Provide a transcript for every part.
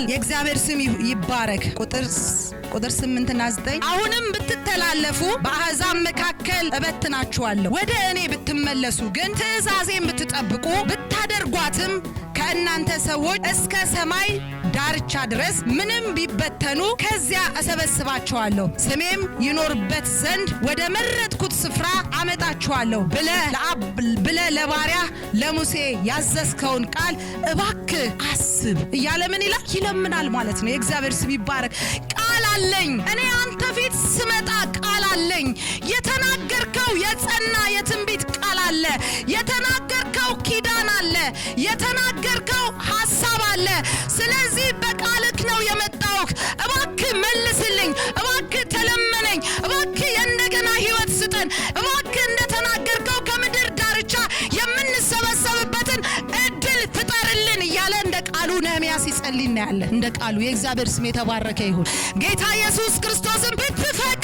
ቃል የእግዚአብሔር ስም ይባረክ። ቁጥር ቁጥር 8 እና 9 አሁንም ብትተላለፉ በአሕዛብ መካከል እበትናችኋለሁ፣ ወደ እኔ ብትመለሱ ግን ትእዛዜን ብትጠብቁ ብታደርጓትም ከእናንተ ሰዎች እስከ ሰማይ ዳርቻ ድረስ ምንም ቢበተኑ ከዚያ እሰበስባቸዋለሁ፣ ስሜም ይኖርበት ዘንድ ወደ መረጥኩት ስፍራ አመጣችኋለሁ ብለ ለባሪያ ለሙሴ ያዘዝከውን ቃል እባክህ አስብ እያለ ምን ይላል? ይለምናል ማለት ነው። የእግዚአብሔር ስም ይባረክ። ቃል አለኝ እኔ አንተ ፊት ስመጣ ቃል አለኝ። የተናገርከው የጸና የትንቢት አለ፣ የተናገርከው ኪዳን አለ፣ የተናገርከው ሐሳብ አለ። ስለዚህ በቃልክ ነው የመጣውክ። እባክ መልስልኝ፣ እባክ ተለመነኝ፣ እባክ የእንደገና ሕይወት ስጠን፣ እባክ እንደተናገርከው ከምድር ዳርቻ የምንሰበሰብበትን እድል ፍጠርልን እያለ እንደ ቃሉ ነህምያስ ይጸልይ ያለ እንደ ቃሉ የእግዚአብሔር ስም የተባረከ ይሁን። ጌታ ኢየሱስ ክርስቶስን ብትፈቅ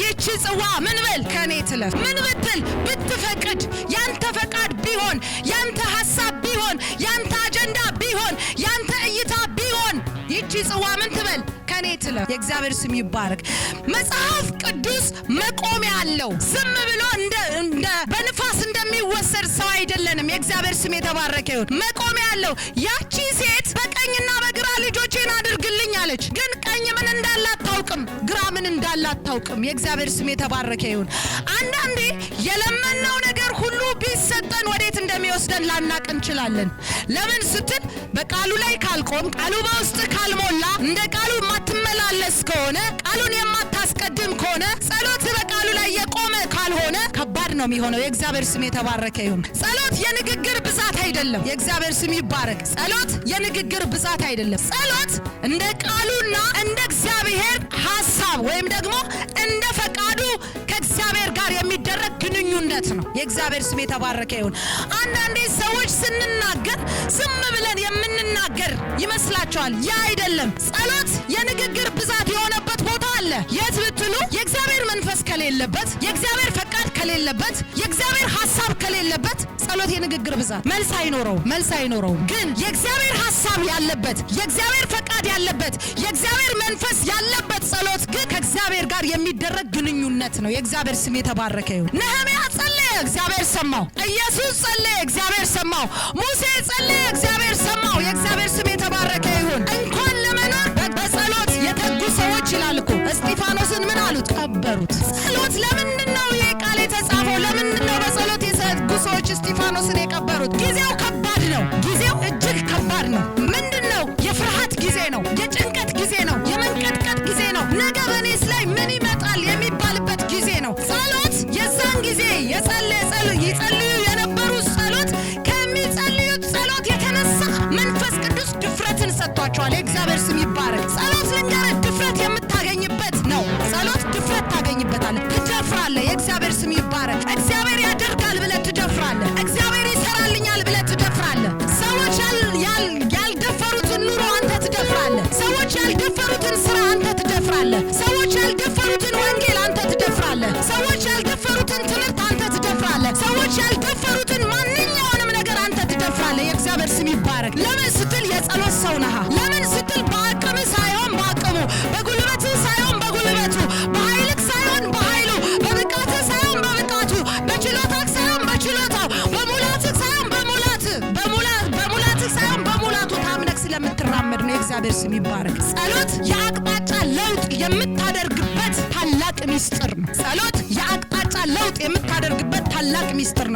ይቺ ጽዋ ምን በል ከኔ ትለፍ ምን ብትል ብትፈቅድ፣ ያንተ ፈቃድ ቢሆን፣ ያንተ ሀሳብ ቢሆን፣ ያንተ አጀንዳ ቢሆን፣ ያንተ እይታ ቢሆን፣ ይቺ ጽዋ ምን ትበል ከኔ ትለፍ። የእግዚአብሔር ስም ይባረክ። መጽሐፍ ቅዱስ መቆሚያ አለው። ዝም ብሎ እንደ እንደ በንፋስ እንደሚወሰድ ሰው አይደለንም። የእግዚአብሔር ስም የተባረከ ይሁን። መቆሚያ አለው። ያቺ ሴት በቀኝና በግራ ልጆቼን አድርግልኝ አለች። ግን ቀኝ ምን እንዳላት አታውቅም፣ ግራ ምን እንዳለ አታውቅም። የእግዚአብሔር ስም የተባረከ ይሁን። አንዳንዴ የለመነው ነገር ሁሉ ቢሰጠን ወዴት እንደሚወስደን ላናቅ እንችላለን። ለምን ስትል በቃሉ ላይ ካልቆም ቃሉ በውስጥ ካልሞላ እንደ ቃሉ የማትመላለስ ከሆነ ቃሉን የማታስቀድም ከሆነ ጸሎት በቃሉ ላይ የቆመ ካልሆነ ከባድ ነው የሚሆነው። የእግዚአብሔር ስም የተባረከ ይሁን። ጸሎት የንግግር ብዛት አይደለም። የእግዚአብሔር ስም ይባረክ። ጸሎት የንግግር ብዛት አይደለም። ጸሎት እንደ ቃሉና እንደ እግዚአብሔር ሀሳብ ወይም ደግሞ እንደ እውነት ነው። የእግዚአብሔር ስም የተባረከ ይሁን። አንዳንዴ ሰዎች ስንናገር ዝም ብለን የምንናገር ይመስላቸዋል። ያ አይደለም። ጸሎት የንግግር ብዛት የሆነበት ቦታ አለ። የት ብትሉ የእግዚአብሔር መንፈስ ከሌለበት፣ የእግዚአብሔር ፈቃድ ከሌለበት፣ የእግዚአብሔር ሀሳብ ከሌለበት ጸሎት የንግግር ብዛት መልስ አይኖረው መልስ አይኖረው። ግን የእግዚአብሔር ሀሳብ ያለበት፣ የእግዚአብሔር ፈቃድ ያለበት፣ የእግዚአብሔር መንፈስ ያለበት ጋር የሚደረግ ግንኙነት ነው። የእግዚአብሔር ስም የተባረከ ይሁን። ነህምያ ጸለየ፣ እግዚአብሔር ሰማው። ኢየሱስ ጸለየ፣ እግዚአብሔር ሰማው። ሙሴ ጸለየ፣ እግዚአብሔር ሰማው። የእግዚአብሔር ስም የተባረከ ይሁን። እንኳን ለመኖር በጸሎት የተጉ ሰዎች ይላል እኮ እስጢፋኖስን ምን አሉት? ቀበሩት። ጸሎት ለምንድን ነው ይህ ቃል የተጻፈው? ለምንድን ነው በጸሎት የተጉ ሰዎች እስጢፋኖስን የቀበሩት? ጊዜው ይገባቸዋል። የእግዚአብሔር ስም ይባረክ። ጸሎት ልንገርህ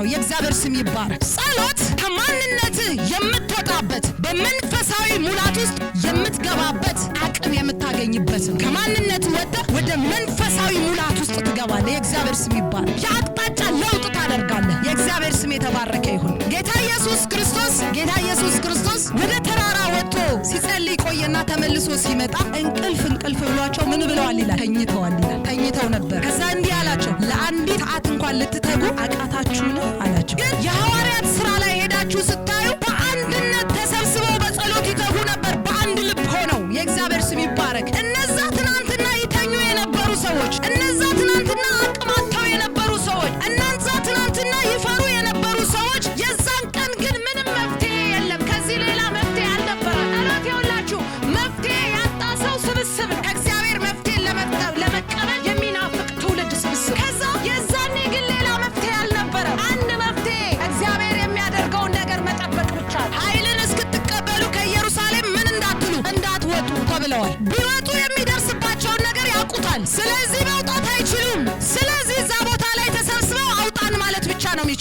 ነው። የእግዚአብሔር ስም ይባረክ። ጸሎት ከማንነት የምትወጣበት በመንፈሳዊ ሙላት ውስጥ የምትገባበት አቅም የምታገኝበት ነው። ከማንነት ወጥተህ ወደ መንፈሳዊ ሙላት ውስጥ ትገባለህ። የእግዚአብሔር ስም ይባረክ። የአቅጣጫ ለውጥ ታደርጋለህ። የእግዚአብሔር ስም የተባረከ ይሁን። ጌታ ኢየሱስ ክርስቶስ ጌታ ኢየሱስ ክርስቶስ ወደ ተራራ ወጥቶ ሲጸልይ ቆየና ተመልሶ ሲመጣ እንቅልፍ እንቅልፍ ብሏቸው ምን ብለዋል ይላል ተኝተዋል ይላል ተኝተው ነበር። ከዛ እንዲህ አላ ልትተጉ አቃታችሁን?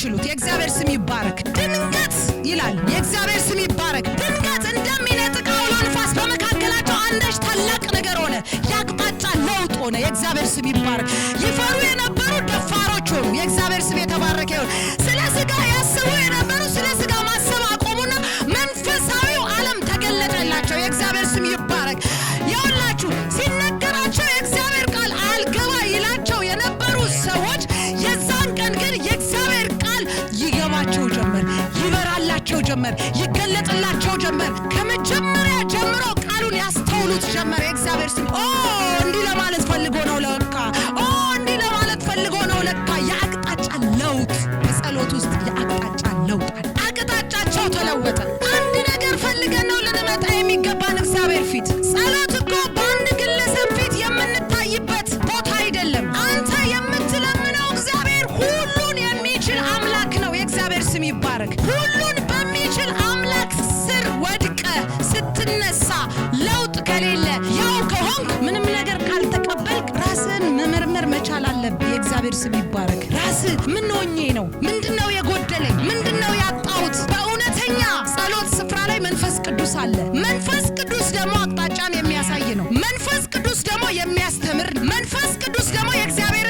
የማትችሉት የእግዚአብሔር ስም ይባረክ። ድንገት ይላል የእግዚአብሔር ስም ይባረክ። ድንገት እንደሚነጥቅ አውሎ ንፋስ በመካከላቸው አንዳች ታላቅ ነገር ሆነ። የአቅጣጫ ለውጥ ሆነ። የእግዚአብሔር ስም ይባረክ። ይፈሩ የነበሩ ደፋሮች ሆኑ። የእግዚአብሔር ስም የተባረከ ይሁን። ስለ ስጋ ያስቡ የነበሩ ስለ ስጋ ማሰብ አቆሙና መንፈሳዊው ዓለም ተገለጠላቸው። የእግዚአብሔር ስም ይባረክ። የሁላችሁ ሲነገራቸው የእግዚአብሔር ቃል አልገባ ይላቸው የነበሩ ሰዎች የዛን ቀን ግን የእግዚአብሔር ይገባቸው ጀመር፣ ይበራላቸው ጀመር፣ ይገለጽላቸው ጀመር። ከመጀመሪያ ጀምሮ ቃሉን ያስተውሉት ጀመር። የእግዚአብሔር ስም ሆኜ ነው? ምንድነው የጎደለኝ? ምንድነው ያጣሁት? በእውነተኛ ጸሎት ስፍራ ላይ መንፈስ ቅዱስ አለ። መንፈስ ቅዱስ ደግሞ አቅጣጫን የሚያሳይ ነው። መንፈስ ቅዱስ ደግሞ የሚያስተምር መንፈስ ቅዱስ ደግሞ የእግዚአብሔር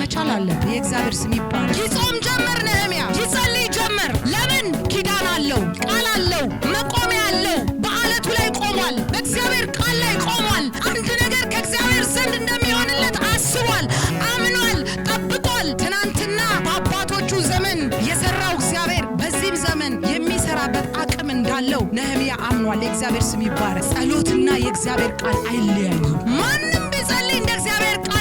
መቻል አለብህ። የእግዚአብሔር ስም ይባል። ይጾም ጀመር ነህምያ፣ ይጸልይ ጀመር። ለምን ኪዳን አለው፣ ቃል አለው፣ መቆሚያ አለው። በአለቱ ላይ ቆሟል፣ በእግዚአብሔር ቃል ላይ ቆሟል። አንድ ነገር ከእግዚአብሔር ዘንድ እንደሚሆንለት አስቧል፣ አምኗል፣ ጠብቋል። ትናንትና በአባቶቹ ዘመን የሰራው እግዚአብሔር በዚህም ዘመን የሚሰራበት አቅም እንዳለው ነህምያ አምኗል። የእግዚአብሔር ስም ይባረ። ጸሎትና የእግዚአብሔር ቃል አይለያዩ ማንም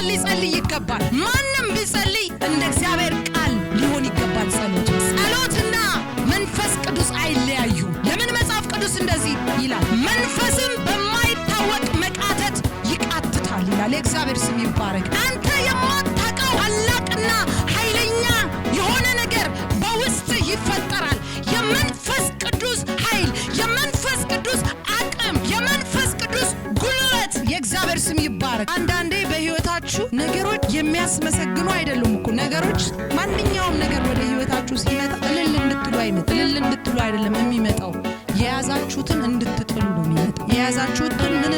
ሊጸልይ ይገባል። ማንም ሊጸልይ እንደ እግዚአብሔር ቃል ሊሆን ይገባል። ጸሎት ጸሎትና መንፈስ ቅዱስ አይለያዩ። ለምን መጽሐፍ ቅዱስ እንደዚህ ይላል? መንፈስም በማይታወቅ መቃተት ይቃትታል ይላል። የእግዚአብሔር ስም ይባረክ። አንተ የማታውቀው ታላቅና ኃይለኛ የሆነ ነገር በውስጥ ይፈጠራል። የመንፈስ ቅዱስ ኃይል፣ የመንፈስ ቅዱስ አቅም፣ የመንፈስ ቅዱስ ጉልበት የእግዚአብሔር ስም ይባረክ። አንዳንዴ ነገሮቹ ነገሮች የሚያስመሰግኑ አይደሉም እኮ ነገሮች። ማንኛውም ነገር ወደ ህይወታችሁ ሲመጣ እልል እንድትሉ አይመጣ። እልል እንድትሉ አይደለም የሚመጣው፣ የያዛችሁትን እንድትጥሉ ነው የሚመጣው። የያዛችሁትን ምን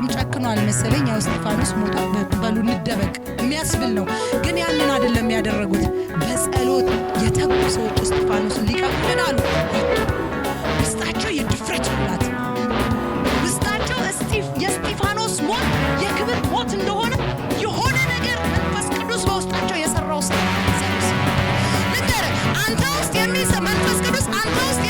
እግዚአብሔርም ጨክኗል መሰለኝ። ያው እስጢፋኖስ ሞታ በሉ እንደበቅ የሚያስብል ነው። ግን ያንን አይደለም ያደረጉት። በጸሎት የተጉ ሰዎች እስጢፋኖስን ሊቀቁልን አሉ። ውስጣቸው የድፍረት ሙላት፣ ውስጣቸው የእስጢፋኖስ ሞት የክብር ሞት እንደሆነ የሆነ ነገር መንፈስ ቅዱስ በውስጣቸው የሰራው ሰ አንተ ውስጥ የሚሰ መንፈስ ቅዱስ አንተ ውስጥ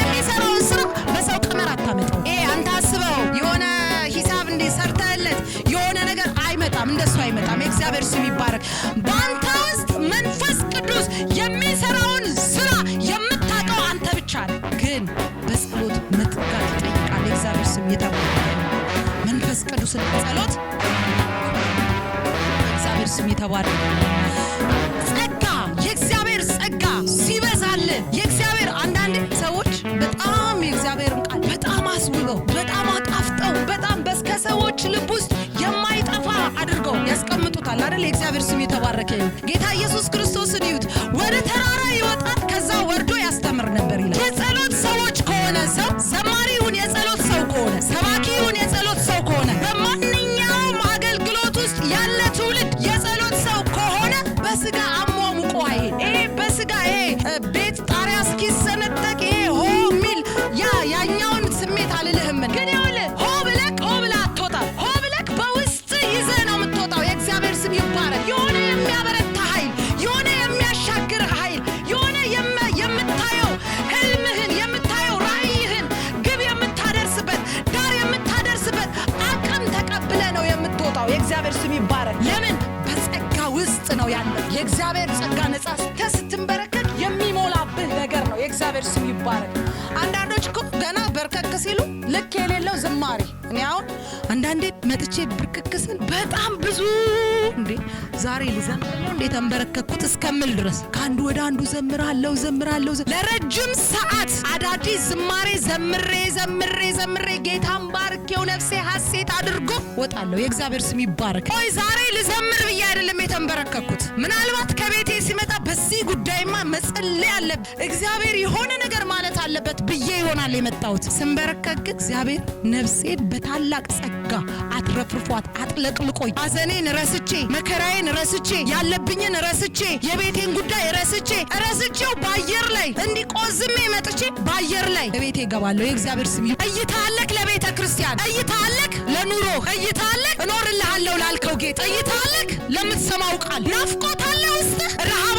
በአንተ ውስጥ መንፈስ ቅዱስ የሚሰራውን ስራ የምታውቀው አንተ ብቻ ነ ግን በጸሎት መትጋት ይጠይቃል። የእግዚአብሔር ስም የታ መንፈስ ቅዱስን ጸሎት የእግዚአብሔር ስም የተባለ ጸጋ የእግዚአብሔር ጸጋ ሲበዛልን የእግዚአብሔር አንዳንድ ሰዎች በጣም የእግዚአብሔርን ቃል በጣም አስውበው በጣም አጣፍጠው በጣም በስከ ሰዎች ልብ ውስጥ የማይጠፋ አድርገው ያስቀምጡ ይባርካል አይደል? የእግዚአብሔር ስም የተባረከ ይሁን። ጌታ ኢየሱስ ክርስቶስን እዩት። ወደ ተራራ ይወጣል፣ ከዛ ወርዶ ያስተምር ነበር ይላል። የጸሎት ሰዎች ከሆነ ሰው ዘማሪ ይሁን፣ የጸሎት ሰው ከሆነ የእግዚአብሔር ስም ይባረክ። ለምን በጸጋ ውስጥ ነው ያለ። የእግዚአብሔር ጸጋ ነጻ ስተ ስትንበረከድ የሚሞላብህ ነገር ነው። የእግዚአብሔር ስም ይባረክ። አንዳንዶች እኮ ገና በርከክ ሲሉ ልክ የሌለው ዝማሬ እኔ አሁን አንዳንዴ መጥቼ ብርክክስን በጣም ብዙ እንዴ ዛሬ ልዘምረው እንዴት ተንበረከኩት እስከምል ድረስ ከአንዱ ወደ አንዱ ዘምራለሁ ዘምራለሁ። ለረጅም ሰዓት አዳዲስ ዝማሬ ዘምሬ ዘምሬ ዘምሬ ጌታን ባርኬው ነፍሴ ሐሴት አድርጎ ወጣለሁ። የእግዚአብሔር ስም ይባረክ። ሆይ ዛሬ ልዘምር ብዬ አይደለም የተንበረከኩት። ምናልባት ከቤቴ ሲመጣ በዚህ ጉዳይማ መጸለይ አለብን። እግዚአብሔር የሆነ ነገር ማለት አለበት ብዬ ይሆናል የመጣሁት። ስንበረከክ እግዚአብሔር ነፍሴን በታላቅ ጸጋ አትረፍርፏት፣ አጥለቅልቆኝ፣ ሐዘኔን ረስቼ፣ መከራዬን ረስቼ፣ ያለብኝን ረስቼ፣ የቤቴን ጉዳይ ረስቼ ረስቼው በአየር ላይ እንዲቆዝሜ መጥቼ በአየር ላይ ቤቴ እገባለሁ። የእግዚአብሔር ስም እይታለክ፣ ለቤተ ክርስቲያን እይታለክ፣ ለኑሮ እይታለክ፣ እኖርልሃለሁ ላልከው ጌጥ እይታለክ፣ ለምትሰማው ቃል ናፍቆታለ ውስጥ ረሃብ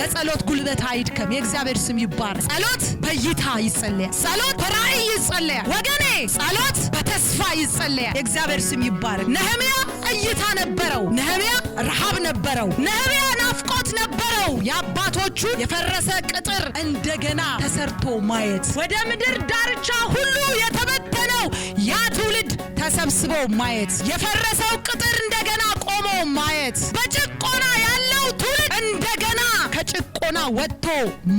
ለጸሎት ጉልበት አይድከም። የእግዚአብሔር ስም ይባረክ። ጸሎት በይታ ይጸለያል። ጸሎት በራእይ ይጸለያል። ወገኔ ጸሎት በተስፋ ይጸለያል። የእግዚአብሔር ስም ይባረክ። ነህምያ እይታ ነበረው። ነህምያ ረሃብ ነበረው። ነህምያ ናፍቆት ነበረው። የአባቶቹ የፈረሰ ቅጥር እንደገና ተሰርቶ ማየት ወደ ምድር ዳርቻ ሁሉ የተበተነው ያ ትውልድ ተሰብስቦ ማየት የፈረሰው ቅጥር እንደገና ቆሞ ማየት በጭቆና ያለው ትውልድ እንደገና ከጭቆና ወጥቶ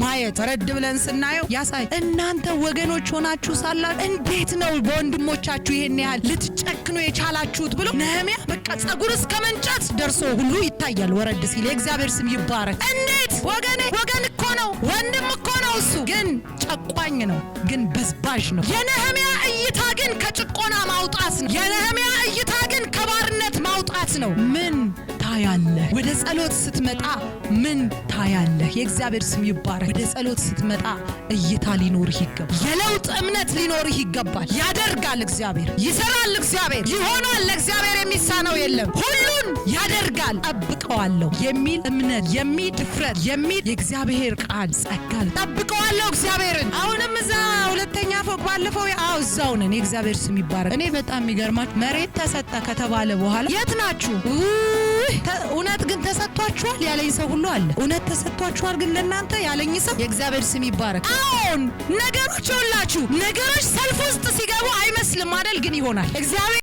ማየት ረድ ብለን ስናየው ያሳይ። እናንተ ወገኖች ሆናችሁ ሳላ? እንዴት ነው በወንድሞቻችሁ ይሄን ያህል ልትጨክኑ የቻላችሁት ብሎ ነህሚያ በቃ ጸጉር እስከ መንጨት ደርሶ ሁሉ ይታያል። ወረድ ሲል የእግዚአብሔር ስም ይባረክ። እንዴት ወገኔ፣ ወገን እኮ ነው፣ ወንድም እኮ ነው። እሱ ግን ጨቋኝ ነው፣ ግን በዝባዥ ነው። የነህሚያ እይታ ግን ከጭቆና ማውጣት ነው። የነህሚያ እይታ ግን ከባርነት ማውጣት ነው። ምን ታያለህ? ወደ ጸሎት ስትመጣ ምን ታያለህ? የእግዚአብሔር ስም ይባረክ። ወደ ጸሎት ስትመጣ እይታ ሊኖርህ ይገባል። የለውጥ እምነት ሊኖርህ ይገባል። ያደርጋል እግዚአብሔር፣ ይሰራል እግዚአብሔር፣ ይሆናል። ለእግዚአብሔር የሚሳነው የለም። ሁሉን ያደርጋል። ጠብቀዋለሁ የሚል እምነት፣ የሚል ድፍረት፣ የሚል የእግዚአብሔር ቃል ጸጋል። ጠብቀዋለሁ እግዚአብሔርን። አሁንም እዛ ሁለተኛ ፎቅ ባለፈው አው እዛው ነን። የእግዚአብሔር ስም ይባረክ። እኔ በጣም የሚገርማችሁ መሬት ተሰጠ ከተባለ በኋላ የት ናችሁ? እውነት ግን ተሰጥቷችኋል ያለኝ ሰው ሁሉ አለ። እውነት ተሰጥቷችኋል ግን ለእናንተ ያለኝ ሰው የእግዚአብሔር ስም ይባረክ። አዎን ነገሮች ሁላችሁ ነገሮች ሰልፍ ውስጥ ሲገቡ አይመስልም አደል ግን ይሆናል እግዚአብሔር